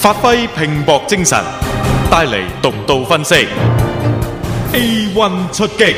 發揮拼搏精神，帶嚟獨到分析。A1 出擊。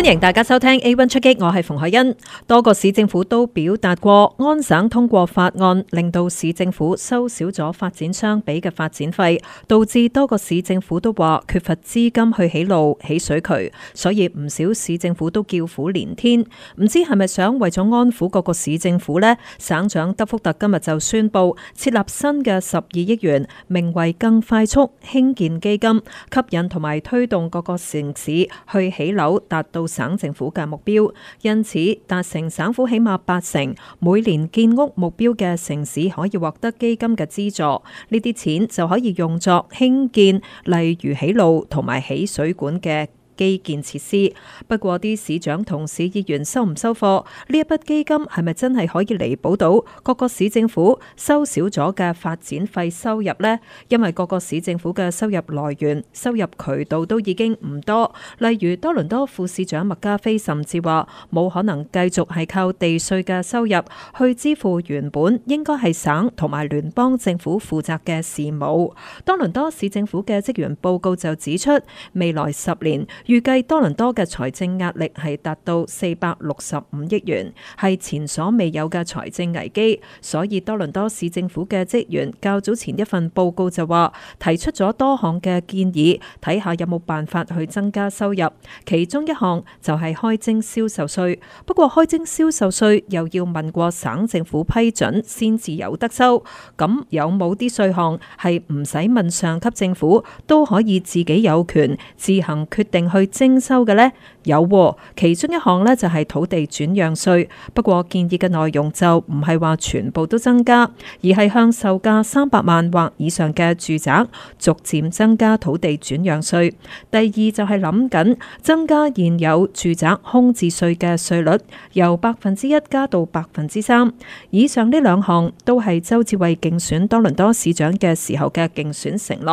歡迎大家收聽 A1 出擊，我係馮凱欣。多個市政府都表達過，安省通過法案令到市政府收少咗發展商俾嘅發展費，導致多個市政府都話缺乏資金去起路、起水渠，所以唔少市政府都叫苦連天。唔知係咪想為咗安撫各個市政府呢？省長德福特今日就宣布設立新嘅十二億元，名為更快速興建基金，吸引同埋推動各個城市去起樓，達到省政府嘅目標，因此，達成省府起碼八成每年建屋目標嘅城市，可以獲得基金嘅資助。呢啲錢就可以用作興建，例如起路同埋起水管嘅基建設施，不過啲市長同市議員收唔收貨？呢一筆基金係咪真係可以彌補到各個市政府收少咗嘅發展費收入呢？因為各個市政府嘅收入來源、收入渠道都已經唔多。例如多倫多副市長麥加菲甚至話冇可能繼續係靠地稅嘅收入去支付原本應該係省同埋聯邦政府負責嘅事務。多倫多市政府嘅職員報告就指出，未來十年。預計多倫多嘅財政壓力係達到四百六十五億元，係前所未有嘅財政危機。所以多倫多市政府嘅職員較早前一份報告就話，提出咗多項嘅建議，睇下有冇辦法去增加收入。其中一項就係開徵銷售稅，不過開徵銷售稅又要問過省政府批准先至有得收。咁有冇啲稅項係唔使問上級政府都可以自己有權自行決定去去徵收嘅咧？有， 其中一項呢就係土地轉讓稅。不過建議嘅內容就唔係話全部都增加，而係向售價三百萬或以上嘅住宅逐漸增加土地轉讓稅。第二就係諗緊增加現有住宅空置稅嘅稅率，由百分之一加到百分之三。以上呢兩項都係周志偉競選多倫多市長嘅時候嘅競選承諾。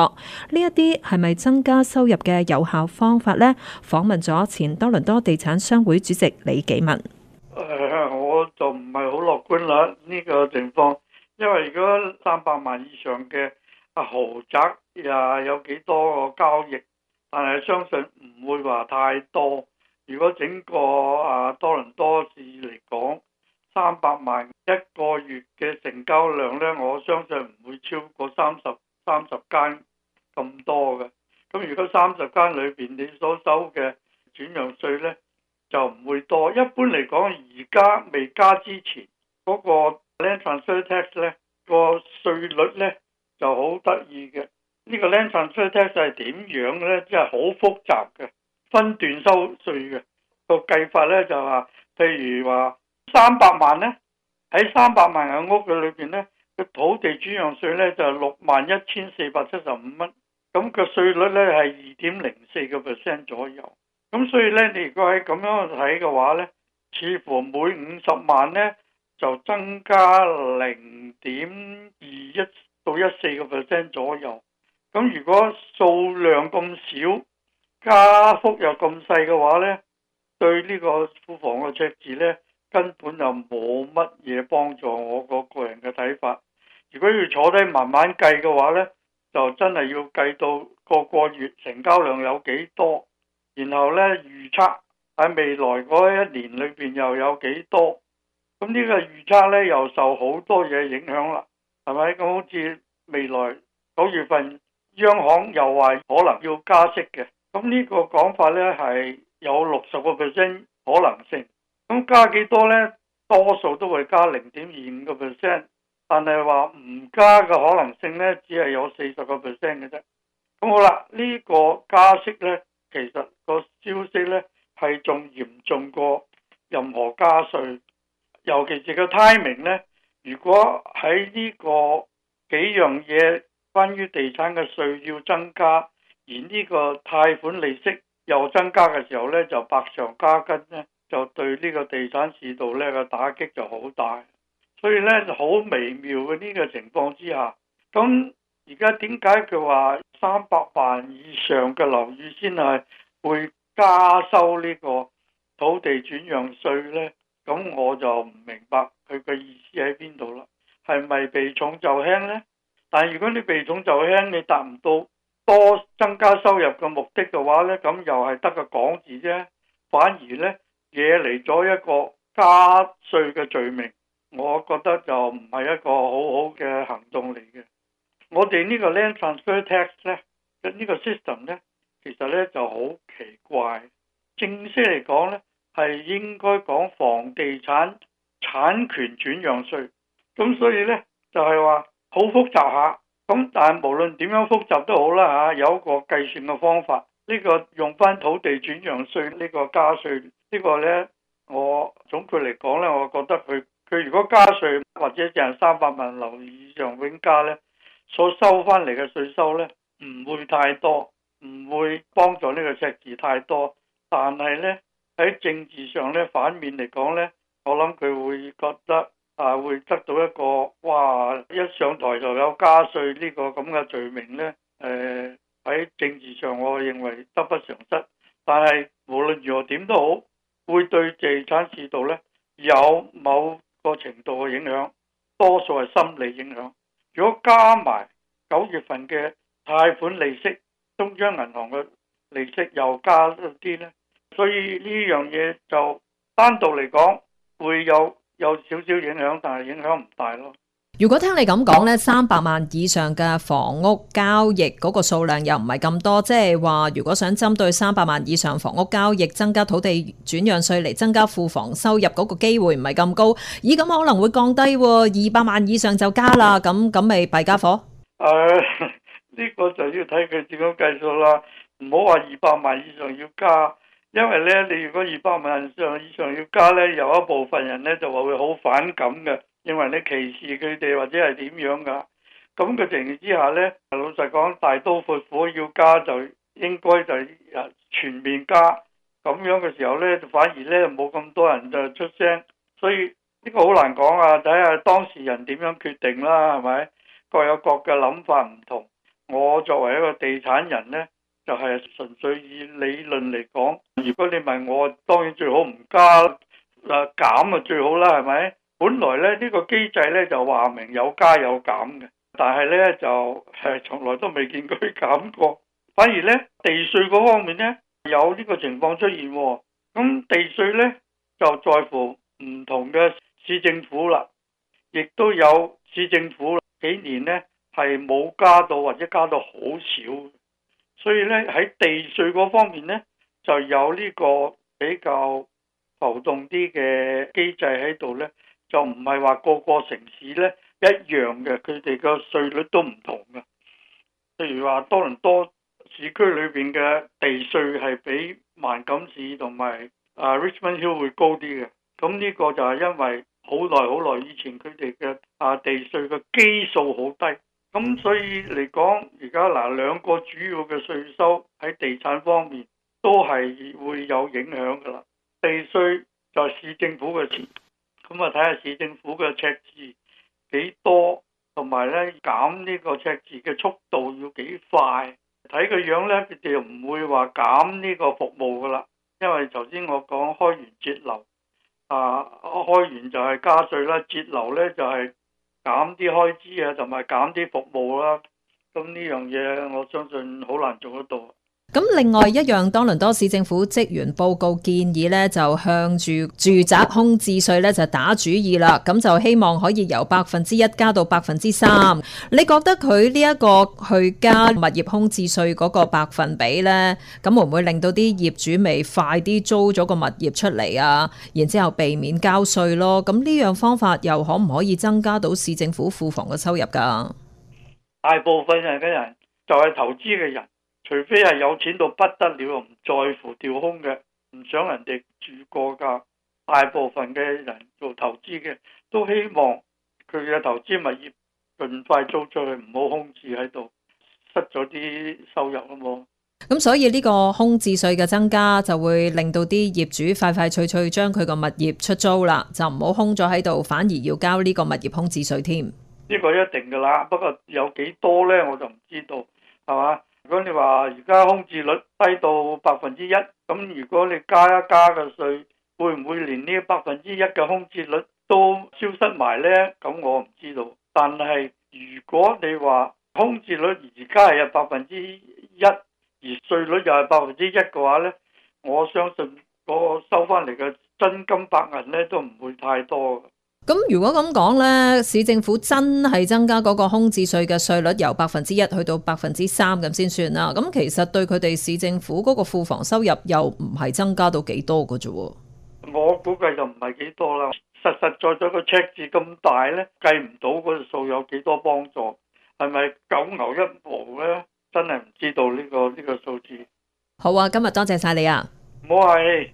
呢一啲係咪增加收入嘅有效方法呢？訪問咗前多倫多地產商會主席李紀民。呃，我就唔係好樂觀啦呢個情況，因為如果三百萬以上嘅啊豪宅呀有幾多個交易，但係相信唔會話太多。如果整個啊多倫多市嚟講，三百萬一個月嘅成交量咧，我相信唔會超過三十三十間咁多嘅。咁如果三十間裏邊你所收嘅，轉讓稅呢就唔會多，一般嚟講，而家未加之前嗰、那個 land transfer tax 呢、那個稅率呢就好得意嘅。呢、這個 land transfer tax 係點樣呢？即係好複雜嘅，分段收稅嘅、那個計法呢就話、是，譬如話三百萬呢，喺三百萬嘅屋嘅裏邊呢，個土地轉讓稅呢就六萬一千四百七十五蚊，咁、那個稅率呢係二點零四個 percent 左右。咁所以咧，你如果喺咁樣去睇嘅話，咧，似乎每五十萬咧就增加零點二一到一四個 percent 左右。咁如果數量咁少，加幅又咁細嘅話咧，對呢個庫房嘅赤字咧根本就冇乜嘢幫助。我個,個人嘅睇法，如果要坐低慢慢計嘅話咧，就真係要計到個個月成交量有幾多。然後咧，預測喺未來嗰一年裏邊又有幾多？咁呢個預測咧又受好多嘢影響啦，係咪？咁好似未來九月份央行又話可能要加息嘅，咁呢個講法咧係有六十個 percent 可能性。咁加幾多咧？多數都會加零點二五個 percent，但係話唔加嘅可能性咧只係有四十個 percent 嘅啫。咁好啦，呢個加息咧。其實個消息呢係仲嚴重過任何加稅，尤其是個 timing 呢。如果喺呢個幾樣嘢關於地產嘅稅要增加，而呢個貸款利息又增加嘅時候呢，就百上加斤呢，就對呢個地產市道呢個打擊就好大。所以呢，就好微妙嘅呢個情況之下，咁而家點解佢話？三百萬以上嘅樓宇先係會加收呢個土地轉讓稅咧，咁我就唔明白佢嘅意思喺邊度啦？係咪避重就輕咧？但係如果你避重就輕，你達唔到多增加收入嘅目的嘅話咧，咁又係得個講字啫，反而咧惹嚟咗一個加稅嘅罪名，我覺得就唔係一個好好嘅行動嚟嘅。我哋呢個 land transfer tax 咧，呢個 system 呢，其實呢就好奇怪。正式嚟講呢，係應該講房地產產權轉讓稅。咁所以呢，就係話好複雜下。咁但係無論點樣複雜都好啦嚇、啊，有一個計算嘅方法。呢個用返土地轉讓稅呢個加稅，呢個呢，我總括嚟講呢，我覺得佢佢如果加稅或者淨係三百萬樓以上永加呢。所收翻嚟嘅稅收呢，唔會太多，唔會幫助呢個赤字太多。但係呢，喺政治上呢，反面嚟講呢，我諗佢會覺得啊，會得到一個哇，一上台就有加稅呢個咁嘅罪名呢。誒、呃、喺政治上，我認為得不償失。但係無論如何點都好，會對地產市道呢有某個程度嘅影響，多數係心理影響。如果加埋九月份嘅貸款利息，中央銀行嘅利息又加一啲呢。所以呢樣嘢就單獨嚟講會有有少少影響，但係影響唔大咯。如果聽你咁講咧，三百萬以上嘅房屋交易嗰個數量又唔係咁多，即係話如果想針對三百萬以上房屋交易增加土地轉讓稅嚟增加庫房收入嗰個機會唔係咁高，咦咁可能會降低，二百萬以上就加啦，咁咁咪弊家伙？誒，呢個就要睇佢點樣計數啦，唔好話二百萬以上要加，因為咧你如果二百萬上以上要加咧，有一部分人咧就話會好反感嘅。因為你歧視佢哋或者係點樣噶，咁嘅情形之下呢，老實講，大刀闊斧要加就應該就誒全面加，咁樣嘅時候呢，反而呢冇咁多人就出聲，所以呢個好難講啊！睇下當事人點樣決定啦，係咪各有各嘅諗法唔同。我作為一個地產人呢，就係純粹以理論嚟講，如果你問我，當然最好唔加啦，誒減啊最好啦，係咪？本來咧呢、呢個機制咧就話明有加有減嘅，但係咧就係從來都未見佢減過，反而咧地稅嗰方面咧有呢個情況出現，哦。咁地稅咧就在乎唔同嘅市政府啦，亦都有市政府幾年咧係冇加到或者加到好少，所以咧喺地稅嗰方面咧就有呢個比較浮動啲嘅機制喺度咧。就唔係話個個城市咧一樣嘅，佢哋個稅率都唔同嘅。譬如話多倫多市區裏邊嘅地稅係比萬錦市同埋啊 Richmond Hill 會高啲嘅。咁呢個就係因為好耐好耐以前佢哋嘅啊地稅嘅基數好低，咁所以嚟講，而家嗱兩個主要嘅稅收喺地產方面都係會有影響㗎啦。地稅就係市政府嘅錢。咁啊！睇下市政府嘅赤字幾多，同埋呢減呢個赤字嘅速度要幾快？睇個樣呢，佢哋唔會話減呢個服務噶啦。因為頭先我講開源節流啊，開源就係加稅啦，節流呢就係減啲開支啊，同埋減啲服務啦。咁呢樣嘢，我相信好難做得到。咁另外一樣，多倫多市政府職員報告建議咧，就向住住宅空置稅咧就打主意啦。咁就希望可以由百分之一加到百分之三。你覺得佢呢一個去加物業空置稅嗰個百分比呢，咁會唔會令到啲業主咪快啲租咗個物業出嚟啊？然之後避免交稅咯。咁呢樣方法又可唔可以增加到市政府庫房嘅收入噶？大部分嘅人就係投資嘅人。除非係有錢到不得了，唔在乎調空嘅，唔想人哋住過㗎。大部分嘅人做投資嘅，都希望佢嘅投資物業盡快租出去，唔好空置喺度，失咗啲收入咯。咁所以呢個空置稅嘅增加，就會令到啲業主快快脆脆將佢個物業出租啦，就唔好空咗喺度，反而要交呢個物業空置稅添。呢個一定㗎啦，不過有幾多咧，我就唔知道，係嘛？如果你話而家空置率低到百分之一，咁如果你加一加嘅稅，會唔會連呢百分之一嘅空置率都消失埋呢？咁我唔知道。但係如果你話空置率而家係百分之一，而稅率又係百分之一嘅話呢，我相信嗰個收翻嚟嘅真金白銀呢都唔會太多。咁如果咁講呢，市政府真係增加嗰個空置稅嘅稅率由百分之一去到百分之三咁先算啦。咁其實對佢哋市政府嗰個庫房收入又唔係增加到幾多嘅啫。我估計就唔係幾多啦。實實在在個赤字咁大呢，計唔到嗰個數有幾多幫助。係咪九牛一毛呢？真係唔知道呢個呢個數字。好啊，今日多謝晒你啊。冇係。